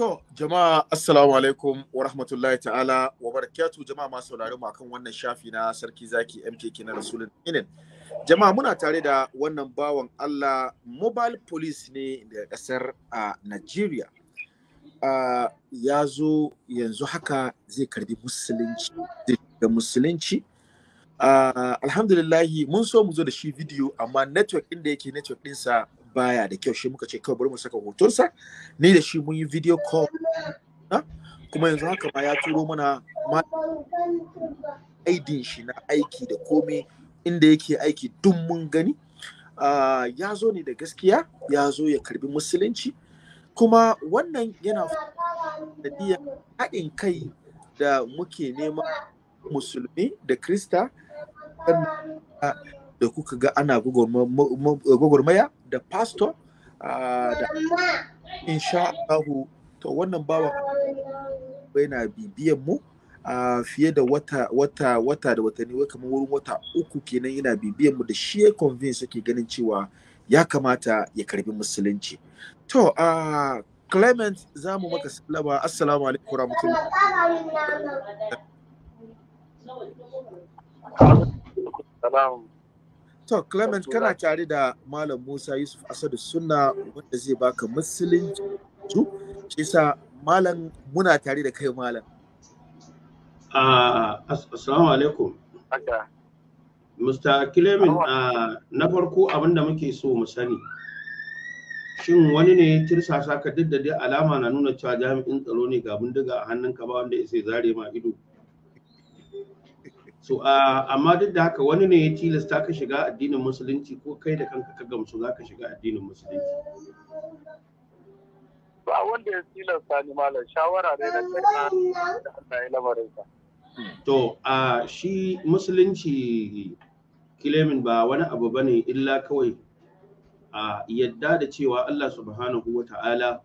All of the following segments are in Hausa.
To, jama'a assalamu alaikum wa rahmatullahi ta'ala wa barakatu jama'a masu saurari mu akan wannan shafi na sarki zaki MKK na Rasulun Inin. Jama'a muna tare da wannan bawan Allah mobile police ne daga kasar a Nigeria. ya zo yanzu haka zai karbi musulunci da musulunci. Uh, alhamdulillahi mun so mu zo da shi video amma network ɗin da yake network ɗinsa baya da kyau shi muka ce kawai bari mu saka hotonsa ni da shi mun yi video call kuma yanzu haka ba ya turo mana ma aidin shi na aiki da komai inda yake aiki duk mun gani ah, ya zo ne da gaskiya ya zo ya karbi musulunci kuma wannan yana da haɗin kai da muke nema musulmi da krista ah, da kuka ga ana eh, gwagwarmaya da pastor ah, da insha'ahu. to wannan bai yana bibiyan mu ah, fiye da wata wata da watanni wai kamar wurin wata uku kenan yana bibiyan mu da shi ya convince yake ganin cewa ya kamata ya karbi musulunci to a ah, Clement za mu maka laba assalamu alaikum rahmatullahi To Clement kana tare da Malam Musa Yusuf Asadu suna wanda zai baka musulun su sa Malam muna tare da kai Malam. Ah, assalamu alaikum. Mr. Clement ah, na farko abinda muke so mu sani. Shin wani ne ya tirsasa ka duk alama na nuna cewa jami'in tsaro ne ga bindiga a hannun ka ba wanda ya sai zare ma ido. so amma duk da haka wani ne ya tilasta ka shiga addinin musulunci ko kai da kanka ka gamsu za ka shiga addinin musulunci ba wanda ya tilasta ni malam shawara ne na kai da ya lamarin ka to a shi musulunci kilemin ba wani abu bane illa kawai a yadda da cewa Allah subhanahu wa ta'ala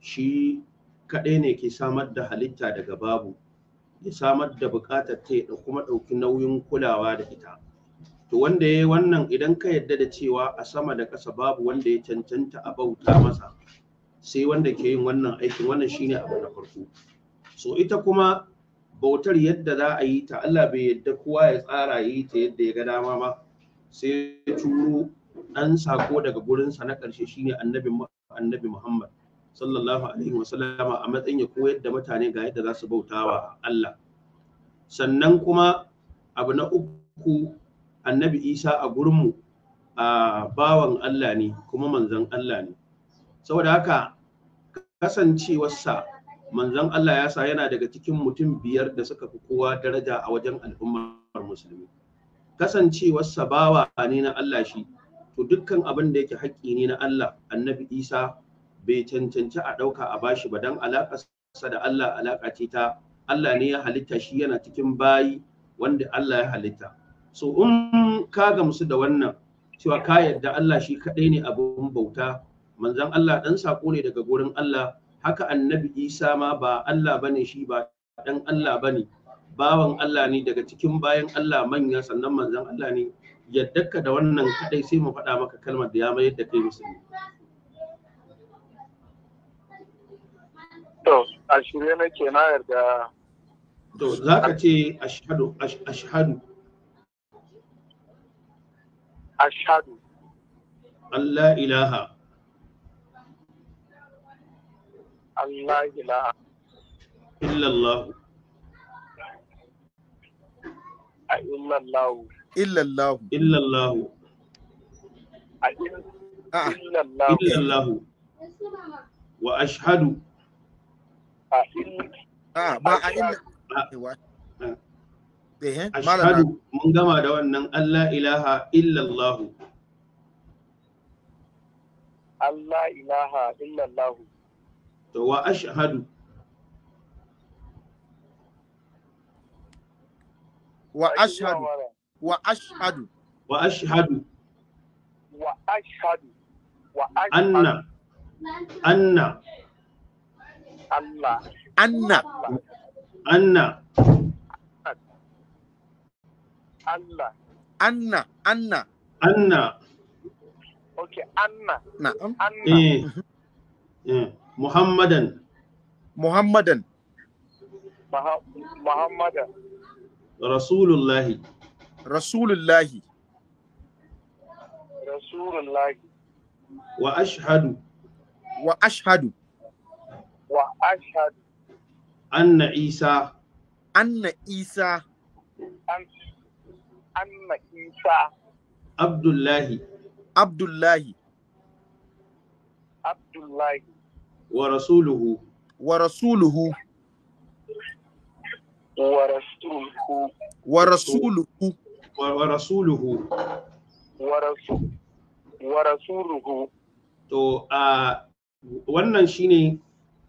shi kaɗai ne ke samar da halitta daga babu ya samar da buƙatar ta da kuma ɗauki nauyin kulawa da ita to wanda ya wannan idan ka yadda da cewa a sama da ƙasa babu wanda ya cancanta a bauta masa sai wanda ke yin wannan aikin wannan shine abu na farko so ita kuma bautar yadda za a yi ta Allah bai yadda kowa ya tsara yi ta yadda ya ga dama ba sai ya turo ɗan sako daga gurinsa na ƙarshe shine annabi annabi Muhammad sallallahu alaihi wasallama a matsayin ya koyar da mutane ga yadda za su wa Allah sannan kuma abu na uku annabi isa a gurinmu a bawan Allah ne kuma manzan Allah ne saboda haka kasancewarsa manzan Allah ya sa yana daga cikin mutum biyar da suka fi kowa daraja a wajen al'ummar musulmi kasancewarsa bawa ne na Allah shi to dukkan abin da yake haƙƙi ne na Allah annabi isa bai cancanci a ɗauka a bashi ba don alaƙarsa da Allah alaƙa ce ta Allah ne ya halitta shi yana cikin bayi wanda Allah ya halitta so in ka gamsu da wannan cewa ka yarda Allah shi kaɗai ne abin bauta manzon Allah ɗan saƙo ne daga gurin Allah haka annabi Isa ma ba Allah bane shi ba ɗan Allah bane bawan Allah ne daga cikin bayan Allah manya sannan manzon Allah ne yaddaka ka da wannan kaɗai sai mu faɗa maka kalmar da ya mayar da kai musulmi To, a shirye nake na yarda. To, za ka ce ashadu, ashadu. Ashadu. Allah ilaha. Allah ilaha. Illallahu. A illallahu. Illallahu. Illallahu. A illallahu. Illallahu. Wa ashadu. Ah, ah, a a eh, mun gama da wannan Allah ilaha illallahu Allah ilaha illallahu to wa ashhadu wa ashhadu wa wa wa wa anna anna Allah. Anna. Anna. Allah. Anna. Anna. Anna. Okay, Anna. Na'am. Anna. Eh. Mhm. Eh. Muhammadan. Muhammadan. Muhammadan. Rasulullahi. Rasulullahi. Rasulullahi. Wa ashhadu. Wa ashhadu. wa ashhadu anna isa anna isa anna isa abdullahi abdullahi abdullahi wa rasuluhu wa rasuluhu wa rasuluhu wa rasuluhu wa rasuluhu wa rasuluhu to a wannan shine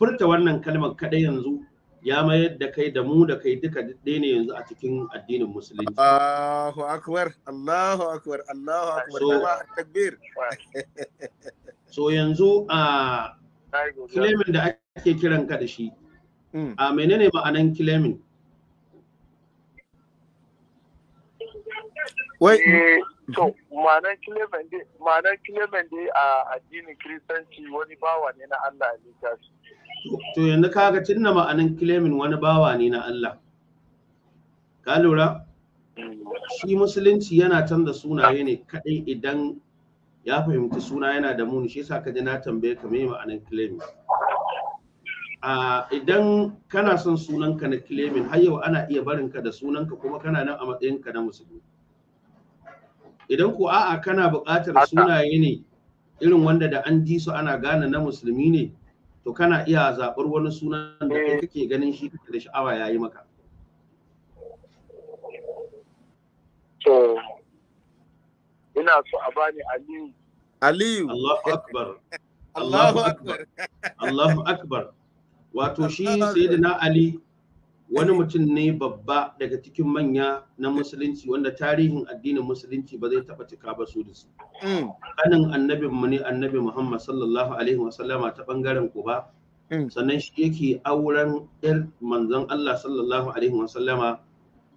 furta wannan kalmar kaɗai yanzu ya mayar da kai da mu da kai duka ɗaya ne yanzu a cikin addinin musulunci. Allahu akbar, Allahu akbar, Allahu akbar, so, so yanzu ah, a kilemin da ake kiran ka da shi, hmm. a ah, menene ma'anan kilemin? Wai, eh, To, ma'anar Clement dai a addinin Kiristanci wani bawa ne na Allah ne su To yanzu kaga tunna ma'anar Clement wani bawa ne na Allah. Ka lura? Shi musulunci yana canza sunaye ne kaɗai idan ya fahimci suna yana da muni shi yasa ka ji na tambaye ka mai ma'anar a idan kana son sunanka na kilemin har yau ana iya barinka da sunanka kuma kana nan a matsayinka na musulunci. idan ko a'a kana buƙatar sunaye ne irin wanda da an ji su ana gane na musulmi ne to kana iya zaɓar wani sunan da kai eh. kake ganin shi da sha'awa yayi maka to ina so a bani aliyu aliyu Allahu akbar Allahu akbar Allahu akbar wato shi sayyidina ali wani mutum ne babba daga cikin manya na musulunci wanda tarihin addinin musulunci ba zai taba cika ba su da su. Mm. Kanin annabin mu ne annabi Muhammad sallallahu alaihi wasallama ta ɓangaren ku ba. Mm. Sannan shi yake auren ‘yar manzon Allah sallallahu alaihi wasallama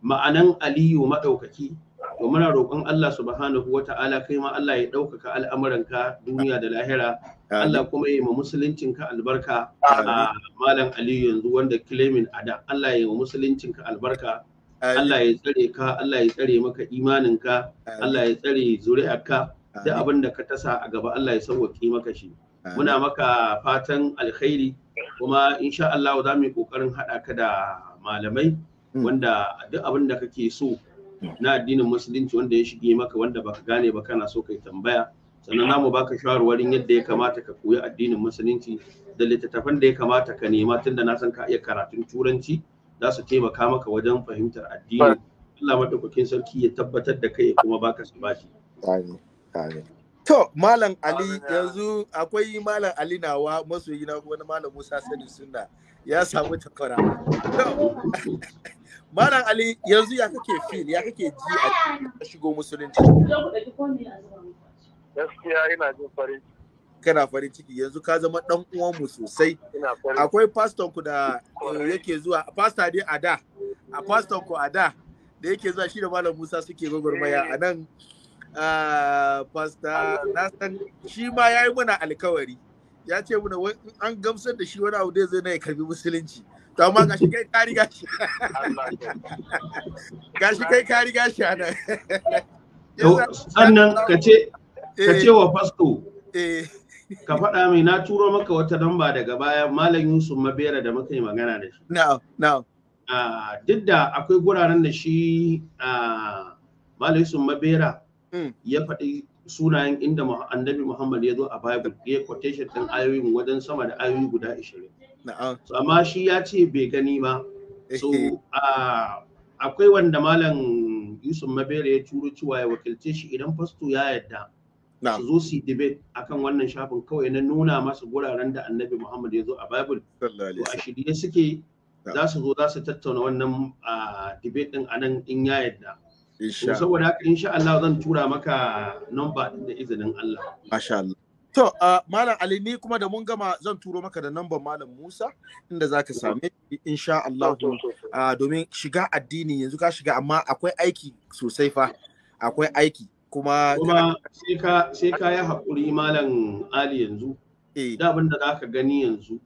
ma'anan Aliyu maɗaukaki to muna roƙon Allah subhanahu wa ta'ala kai ma Allah ya ɗaukaka al'amuranka duniya da lahira Allah kuma ya yi ma musuluncinka albarka a ah, malam Ali yanzu wanda claiming a da Allah ya yi ma musuluncinka albarka Allah ya tsare ka Allah ya tsare maka imaninka Allah ya tsare zuri'arka duk abin da ka tasa a gaba Allah ya sauwaƙe maka shi muna maka fatan alkhairi kuma insha Allah za mu yi kokarin haɗa ka da malamai hmm. wanda duk abin da kake so na addinin musulunci wanda ya shige maka wanda baka gane ba kana so kai tambaya sannan namu baka shawarwarin yadda ya kamata ka koyi addinin musulunci da littattafan da ya kamata ka nema tunda na san ka iya karatun turanci za su taimaka maka wajen fahimtar addini Allah madaukakin sarki ya tabbatar da kai kuma baka sabati amin To, Malam Ali yanzu akwai Malam Ali nawa masoyi na wani Malam Musa Sani Sunna ya samu takwara. Malam Ali yanzu ya kake feel ya kake ji a shigo musulunci. Gaskiya ina jin farin ciki. Kana farin ciki yanzu ka zama dan mu sosai. Akwai pastor ku da eh, yake zuwa pastor dai a da. A pastor ku a da da yake zuwa shi da Malam Musa suke gwagwarmaya a nan ah, pastor na san shi ma yayi mana alkawari. Ya ce mana an gamsar da shi wani abu zai na ya karbi musulunci. to ga shi kai ka Ga shi gashi kai kari riga shi ana sannan ka ce ka ce wa fasto eh. Eh. ka faɗa mai na turo maka wata lamba daga baya malam Yusuf Mabera da muka yi magana da shi na'am na'am duk da akwai guraren da shi malam Yusuf Mabera hmm. ya faɗi sunayen inda annabi Muhammad ya zo a Bible ya quotation din ayoyin wajen sama da ayoyi guda 20. Amma shi ya ce bai gani ba. Eh, so eh. akwai wanda malam Yusuf Mabere ya turo cewa ya wakilce shi idan fasto ya yadda. Su zo su debate akan wannan shafin kawai na nuna masu guraren da annabi Muhammad ya zo a Bible. To a shirye suke za su zo za su tattauna wannan debate din anan in ya yadda. saboda haka insha Allah zan tura maka number din da izinin Allah masha Allah to malam Ali ni kuma da mun gama zan turo maka da number malam Musa inda zaka same shi insha Allah domin shiga addini yanzu ka shiga amma akwai aiki sosai fa akwai aiki kuma kuma sai ka sai ka yi hakuri malam Ali yanzu eh. da abin da zaka gani yanzu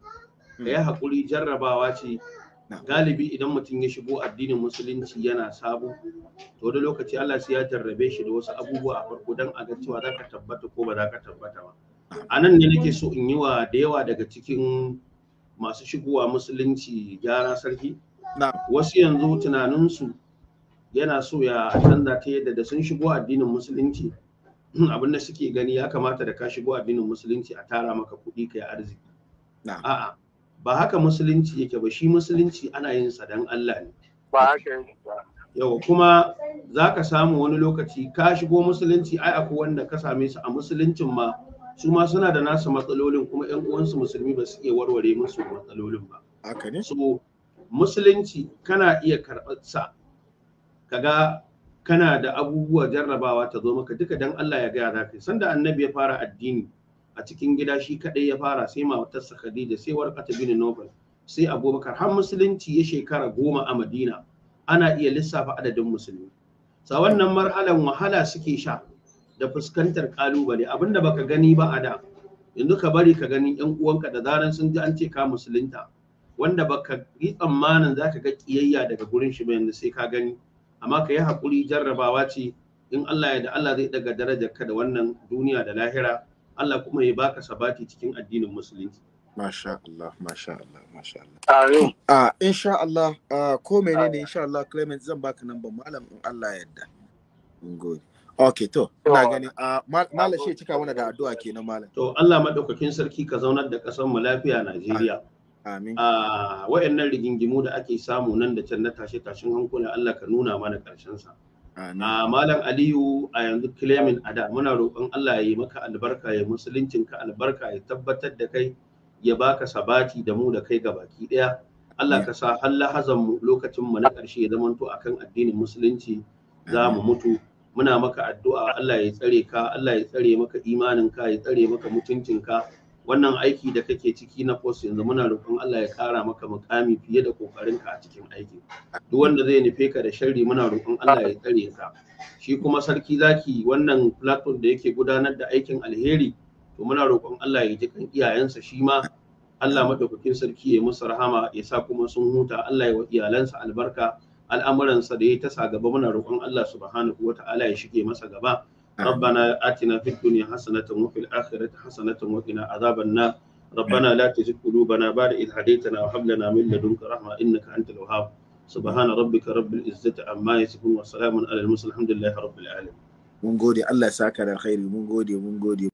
ka yi hmm. hakuri jarrabawa ce galibi idan mutum ya shigo addinin musulunci yana sabo to wani lokaci Allah sai ya jarrabe shi da wasu abubuwa a farko dan a ga cewa zaka ka tabbata ko ba za ka tabbata ba a nan ne nake so in yi wa da yawa daga cikin masu shigowa musulunci gyara sarki wasu yanzu tunanin su yana so ya canza ta yadda da sun shigo addinin musulunci abin da suke gani ya kamata da ka shigo addinin musulunci a tara maka kuɗi kai arziki a'a ba haka musulunci yake ba shi musulunci ana yin sa dan Allah ne ba haka yau kuma za ka samu wani lokaci ka shigo musulunci ai aku wanda ka same su a musuluncin ma su ma suna da nasu matsalolin kuma yan uwansu musulmi ba su iya warware musu matsalolin ba haka ne so musulunci kana iya karɓar sa kaga kana da abubuwa jarrabawa ta zo maka duka dan Allah ya gaya za ka sanda annabi ya fara addini a cikin gida shi kaɗai ya fara sai matarsa Khadija sai warqata bin Nawfal sai Abubakar har musulunci ya shekara goma a Madina ana iya lissafa adadin musulmi sa wannan marhalan wahala suke sha da fuskantar kalubale abinda baka gani ba a da yanzu ka bari ka gani yan uwanka da zaran sun ji an ce ka musulunta wanda baka yi tsammanin zaka ga kiyayya daga gurin shi ba yanzu sai ka gani amma ka yi hakuri jarrabawa ce in Allah ya da Allah zai daga darajar ka da wannan duniya da lahira Allah kuma ya baka sabati cikin addinin musulunci Masha Allah, Masha Allah, Masha Allah. Amin. Ah, insha Allah, ah, ko menene insha Allah Clement zan baka nan ba malam in Allah yadda. Ngode. Ok, to, ina gani, ah, malam shi cika wani da addu'a kenan malam. To, Allah madaukakin sarki ka zaunar da ƙasar mu lafiya Najeriya. Ah, amin. Ah, wayannan rigingimu da ake samu nan da can na tashe tashin hankula Allah ka nuna mana karshen sa. A ah, Malam Aliyu a yanzu claiming ada muna roƙon Allah ya yi maka albarka ya musuluncin ka albarka ya tabbatar da kai ya baka sabati da mu da kai ga baki ɗaya. Allah ka sa halla hazan mu lokacin mu na ƙarshe ya zamanto kan addinin musulunci za mu mutu muna maka addu'a Allah ya tsare ka Allah ya tsare maka imanin ka ya tsare maka mutuncin ka wannan aiki da kake ciki na post yanzu muna roƙon Allah ya ƙara maka mukami fiye da ƙoƙarinka a cikin aiki duk wanda zai nufe ka da sharri muna roƙon Allah ya tsare ka shi kuma sarki zaki wannan platform da yake gudanar da aikin alheri to muna roƙon Allah ya ji kan iyayensa shi ma Allah madaukakin sarki ya musu rahama ya sa kuma sun huta Allah ya wa iyalansa albarka al'amuransa da ya ta sa gaba muna roƙon Allah subhanahu wata'ala ya shige masa gaba ربنا آتنا في الدنيا حسنة وفي الآخرة حسنة وقنا عذاب النار ربنا لا تزغ قلوبنا بعد إذ هديتنا وهب لنا من لدنك رحمة إنك أنت الوهاب سبحان ربك رب العزة عما يصفون وسلام على المرسلين الحمد لله رب العالمين mun gode Allah ya saka da alkhairi mun gode mun gode